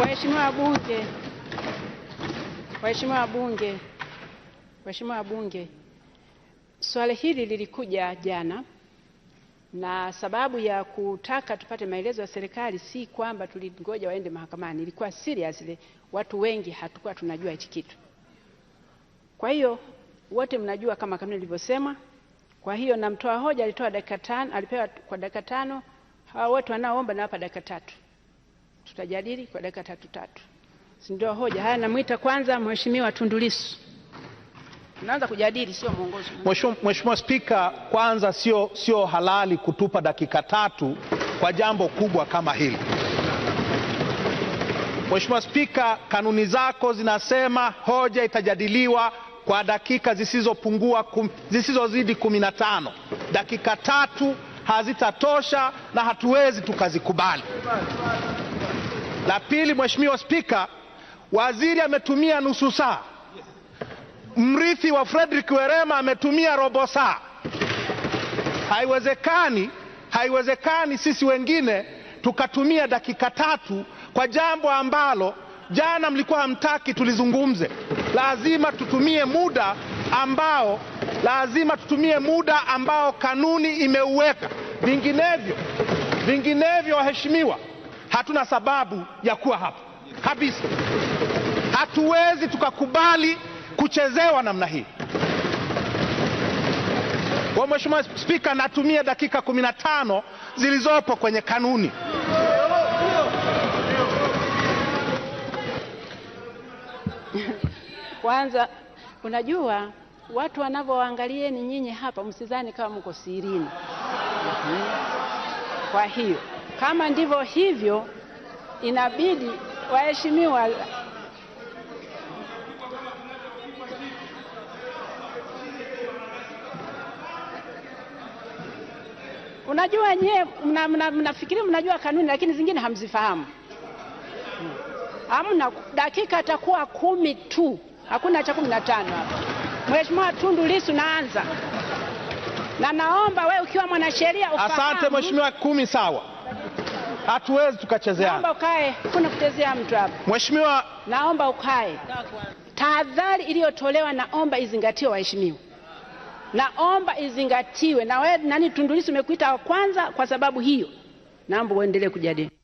Waheshimiwa wabunge, Waheshimiwa wabunge, Waheshimiwa wabunge, swali hili lilikuja jana, na sababu ya kutaka tupate maelezo ya serikali si kwamba tulingoja waende mahakamani, ilikuwa seriously, watu wengi hatukuwa tunajua hichi kitu. Kwa hiyo wote mnajua kama kama nilivyosema. Kwa hiyo na mtoa hoja alitoa dakika tano, alipewa kwa dakika tano. Hawa wote wanaoomba nawapa dakika tatu tutajadili kwa dakika tatu tatu, si ndio hoja? Haya, namwita kwanza Mheshimiwa Tundu Lissu. Tunaanza kujadili, sio mwongozo. Mheshimiwa Spika, kwanza sio, sio halali kutupa dakika tatu kwa jambo kubwa kama hili. Mheshimiwa Spika, kanuni zako zinasema hoja itajadiliwa kwa dakika zisizopungua kum, zisizozidi kumi na tano. Dakika tatu hazitatosha na hatuwezi tukazikubali. La pili, Mheshimiwa Spika, waziri ametumia nusu saa, mrithi wa Frederick Werema ametumia robo saa. Haiwezekani, haiwezekani sisi wengine tukatumia dakika tatu kwa jambo ambalo jana mlikuwa hamtaki tulizungumze. Lazima tutumie muda ambao lazima tutumie muda ambao kanuni imeuweka, vinginevyo vinginevyo, waheshimiwa hatuna sababu ya kuwa hapa kabisa. Hatuwezi tukakubali kuchezewa namna hii. Kwa Mheshimiwa Spika, natumia dakika 15 zilizopo kwenye kanuni Kwanza unajua watu wanavyoangalieni nyinyi hapa, msizani kama mko sirini. Kwa hiyo kama ndivyo hivyo, inabidi waheshimiwa Unajua nyewe mnafikiri mna, mna mnajua kanuni lakini zingine hamzifahamu. Hamna dakika atakuwa kumi tu, hakuna cha kumi na tano hapa. Mheshimiwa Tundu Lissu, naanza na naomba we ukiwa mwanasheria ufahamu. Asante mheshimiwa, kumi sawa hatuwezi tukachezea. Naomba ukae, kuna kuchezea mtu hapa. Mheshimiwa, naomba ukae. Tahadhari iliyotolewa naomba izingatiwe, waheshimiwa, naomba izingatiwe. Na wewe nani, Tundu Lissu umekuita wa kwanza kwa sababu hiyo, naomba uendelee kujadili.